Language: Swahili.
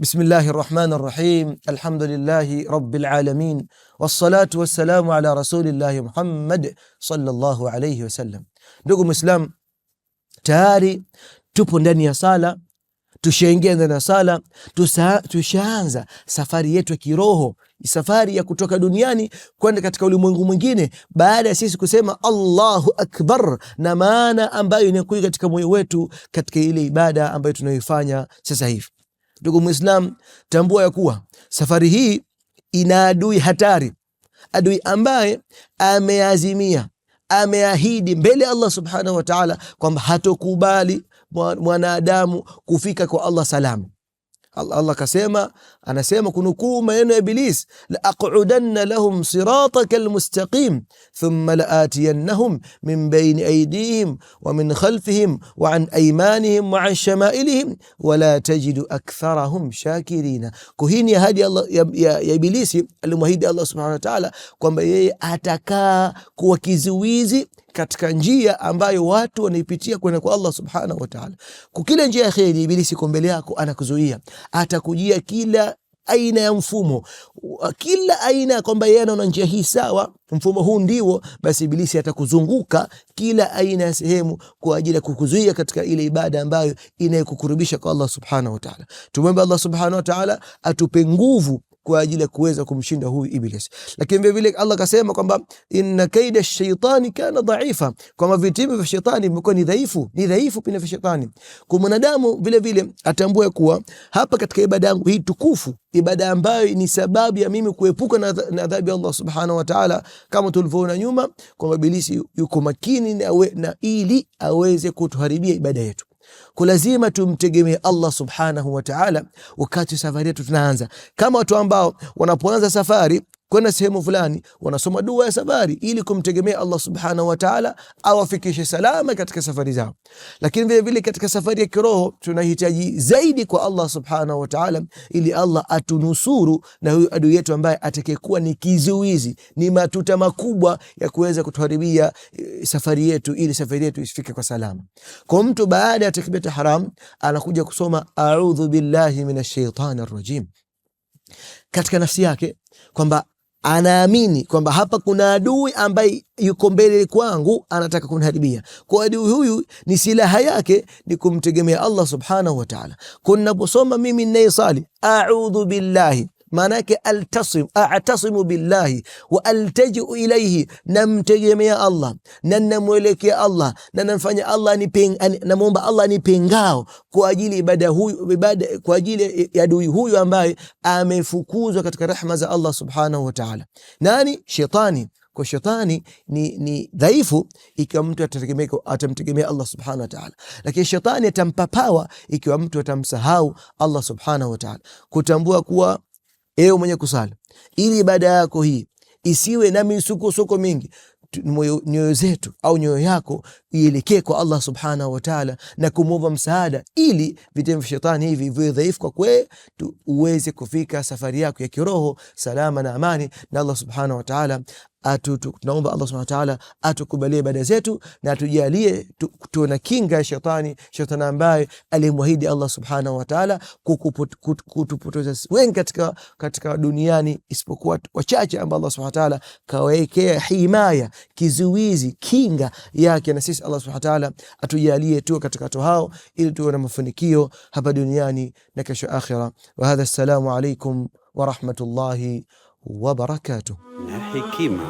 Bismillahi rahmani rahim, alhamdulillahi rabbil alamin, wassalatu wassalamu ala rasulillahi Muhammad sallallahu alayhi wasallam. Ndugu Muislam, tayari tupo ndani ya sala, tushaingia ndani ya sala, tushaanza safari yetu ya kiroho, safari ya kutoka duniani kwenda katika ulimwengu mwingine, baada ya sisi kusema Allahu akbar, na maana ambayo inakuja katika moyo wetu katika ile ibada ambayo tunayoifanya sasa hivi. Ndugu Muislam, tambua ya kuwa safari hii ina adui hatari, adui ambaye ameazimia, ameahidi mbele ya Allah subhanahu wa taala kwamba hatokubali mwanadamu kufika kwa Allah salama. الله كسيما أنا سيما كنكوما ينو إبليس لأقعدن لهم صراطك المستقيم ثم لآتينهم من بين أيديهم ومن خلفهم وعن أيمانهم وعن شمائلهم ولا تجد أكثرهم شاكرين يا هذه الله يا إبليس المهيد الله سبحانه وتعالى كما يأتكا كوكيزويزي katika njia ambayo watu wanaipitia kwenda kwa Allah subhanahu wa ta'ala. Kukila njia ya kheri, Ibilisi iko mbele yako, anakuzuia, atakujia kila aina ya mfumo, kila aina kwamba yeye anaona njia hii sawa, mfumo huu ndiwo, basi Ibilisi atakuzunguka kila aina ya sehemu kwa ajili ya kukuzuia katika ile ibada ambayo inayokukurubisha kwa Allah subhanahu wa ta'ala. Tumwombe Allah subhanahu wa ta'ala atupe nguvu kwa ajili ya kuweza kumshinda huyu Iblis. Lakini vile vile Allah akasema kwamba inna kaida shaitani kana dhaifa, kwamba vitimbi vya shetani vimekuwa ni dhaifu, ni dhaifu pina vya shetani. Kwa mwanadamu vile vile atambue kuwa hapa katika ibada yangu hii tukufu, ibada ambayo ni sababu ya mimi kuepuka na adhabu ya Allah subhanahu wa ta'ala, kama tulivyoona nyuma kwamba Ibilisi yuko makini na, na ili aweze kutuharibia ibada yetu. Kwa lazima tumtegemee Allah subhanahu wa ta'ala wakati safari yetu tunaanza, kama watu ambao wanapoanza safari kwenda sehemu fulani, wanasoma dua ya safari ili kumtegemea Allah subhanahu wa ta'ala awafikishe salama katika safari zao. Lakini vile vile katika safari ya kiroho tunahitaji zaidi kwa Allah subhanahu wa ta'ala, ili Allah atunusuru na huyu adui yetu ambaye atakayekuwa ni kizuizi, ni matuta makubwa ya kuweza kutuharibia eh, safari yetu, ili safari yetu isifike kwa salama. Kwa mtu baada ya takbiratul haram anakuja kusoma a'udhu billahi minash shaitani rajim katika nafsi yake kwamba anaamini kwamba hapa kuna adui ambaye yuko mbele kwangu, anataka kuniharibia. Kwa adui huyu ni silaha yake ni kumtegemea Allah subhanahu wa ta'ala. Kunaposoma mimi ninayesali a'udhu billahi maana yake altasim, atasimu billahi wa altajiu ilaihi, namtegemea Allah na namwelekea Allah na namfanya Allah namwomba Allah nipe ngao kwa ajili ibada huyu, ibada kwa ajili ya adui huyu ambaye amefukuzwa katika rehma za Allah subhanahu wa ta'ala. Nani? Shetani. Kwa shetani ni, ni dhaifu ikiwa mtu atamtegemea Allah subhanahu wa ta'ala, lakini shetani atampa pawa ikiwa mtu atamsahau Allah subhanahu wa ta'ala. Kutambua kuwa Ewe mwenye kusali, ili ibada yako hii isiwe na misukosuko mingi nyoyo zetu au nyoyo yako ielekee kwa Allah subhanahu wa ta'ala, na kumwomba msaada ili vitendo vya shetani hivi viwe dhaifu kwa kwe, uweze kufika safari yako ya kiroho salama na amani, na Allah subhanahu wa ta'ala atu, tunaomba Allah subhanahu wa ta'ala atukubalie ibada zetu na atujalie tuwe na kinga ya shetani, shetani ambaye alimwahidi Allah subhanahu wa ta'ala kutupoteza wengi katika, katika duniani isipokuwa wachache ambao Allah subhanahu wa ta'ala kawekea himaya, kizuizi, kinga yake, na sisi Allah subhanahu wa ta'ala atujalie tu katika watu hao ili tuwe na mafanikio hapa duniani na kesho akhira. Wa hadha, assalamu alaikum wa rahmatullahi وبركاته. حكيمة